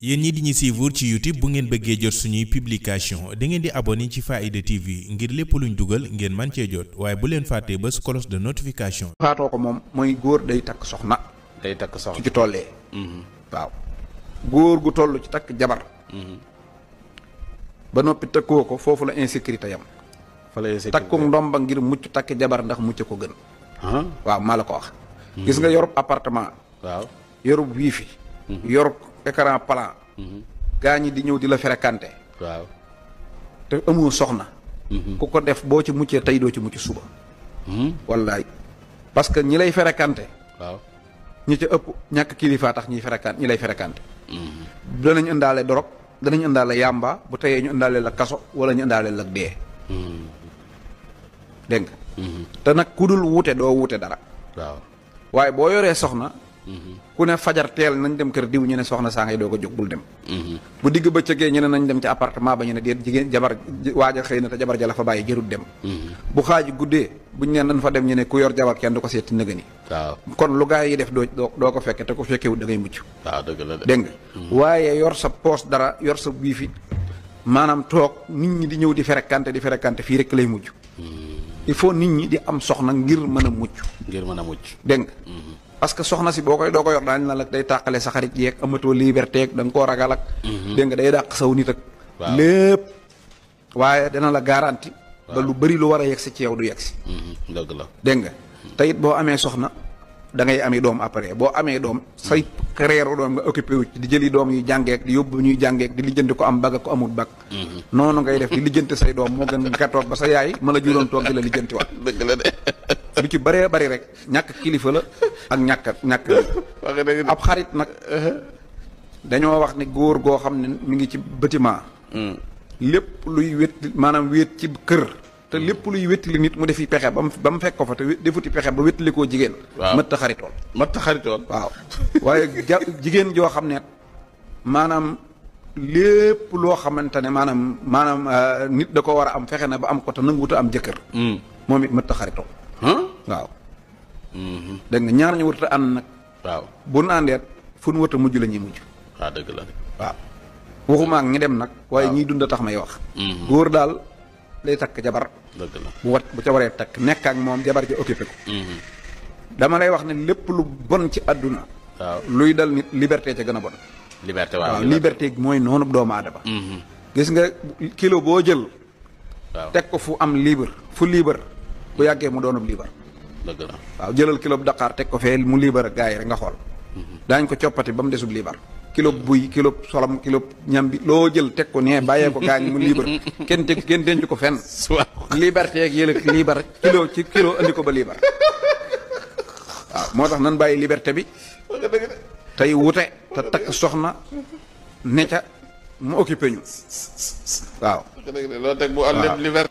yéen ñi di ñu suivre ci youtube bu ngeen bëggee jot suñuy publication da ngeen di abonné ci Faaida TV ngir lépp luñ dugal ngeen man cee jot waaye bu leen fàttee ba cloche de notification. faatoo ko moom mooy góor day takk soxna. day takk soxna ci tollee. Mm-hmm. waaw góor gu toll ci takk jabar. Mm-hmm. ba noppi takkoo ko foofu la insécurité yam. fa la insécurité takku ndomba ngir mucc takk jabar ndax mucc ko gën. waaw maa la ko wax. Mm-hmm. gis nga yorub appartement. waaw yorub wifi. yorub écran plan. Mhm. gaa ñi di ñëw di la fréquenter. waaw te amoo soxna. Mhm. ku ko def boo ci muccee tey doo ci mucc suba. Mhm. wallaay parce que ñi lay fréquenter. waaw ñi ca ëpp ñàkk kilifaa tax ñuy fréquenter ñi lay fréquenter. danañ indaale dorog danañ indaale yàmba bu teyee ñu indaale la kaso wala ñu indaale la dee. dégg nga. te nag ku dul wuute doo wute dara. waaw waaye boo yoree soxna. ku ne fajar teel nañ dem kër diw ñu ne soxna saa ngay doo ko jóg bul dem mhm. bu digg bëccëgee ñu ne nañ dem ci appartement ba ñu ne déet jigéen jabar waaja xëy na te jabar ja la fa bàyyi jërut dem mhm. bu xaaji guddee buñ neen nañ fa dem ñu ne ku yor jabar kenn du ko seeti nëgëni waaw kon lu gaa yi def doo doo ko fekke te ku fekkewut da ngay mucc waaw dëgg la dégg nga mhm. waaye yor sa poos dara yor sa bii fi maanaam toog nit ñi di ñëw di ferekante di ferekante fii rek lay mujj il faut nit ñi di am soxna ngir mën a mucc ngir mën a mucc dégg parce que soxna si boo koy doo ko yor daañu na la day tàqale sa xarit yeeg amatoo liberté ak da nga koo ragal ak. Mhm. dégg day dàq saw nit ak. lépp waaye dana la garanti. ba lu bëri lu war a yegsi ci yow du yegsi. Mhm. dëgg la dégg nga te it boo amee soxna da ngay ami doom après boo amee doom sa reeru doom nga occupé wu di jëli doom yu jàngeek di yóbbu ñuy jàngeek di lijjanti ko am bag ko amul bag. Mhm. noonu ngay def di lijjanti say doom moo gën nga toog ba sa yaay ma a juróom toog la lijjanti waat. dëgg la ci bëree bari rek ñàkk kilifa la ak ñàkk ñàkk ab xarit nag uh-huh. dañoo wax ni góor goo xam ne mu ngi ci bâtiment mm. lépp luy wét maanaam wéet ci kër te mm. lépp luy wéttali nit mu defi pexe ba mu ba mu fekk ko fa te defuti pexe ba wéttali koo jigéen mëtt xaritool mëtt xaritool waaw waaye jigéen joo xam ne maanaam lépp loo xamante ne maanaam maanaam euh, nit da ko war a am fexe na ba am ko te nanguwut am jëkkër mm. moom it mëtt xaritool waaw. dégg nga ñaar ñu warut ànd nag. waaw bu nu àndeet fu nu mujj la ñuy mujj. waaw ah, dëgg la waaw. waxuma ñi dem nag. waaye ñiy dund tax may wax. Mhm. góor daal lay takk jabar. dëgg la bu wat bu ca waree takk nekk ak moom jabar ji occupé ko. Mhm. dama lay wax ne lépp lu bon ci àdduna. luy dal nit liberté ca gën a bon. liberté mooy noonu doomu adama mhm. gis nga kilo boo jël. teg ko fu am libre fu libre bu yàggee mu doonub libre. dëgg la waaw jëlal kilo bu daqaar teg ko fee mu liibar ak gars yi rek nga xool. Mhm. daañ ko coppati ba mu desub liibar. kilo buy kilo solom kilo ñam bi loo jël teg ko nee bàyyee ko gaañ mu liibar kenn teg kenn denc ko fenn. liberté ak yële liibar kilo ci kilo andi ko ba liibar. waaw moo tax nan bàyyi liberté bi. tey wute te takk soxna ne ca mu occupé ñu waaw.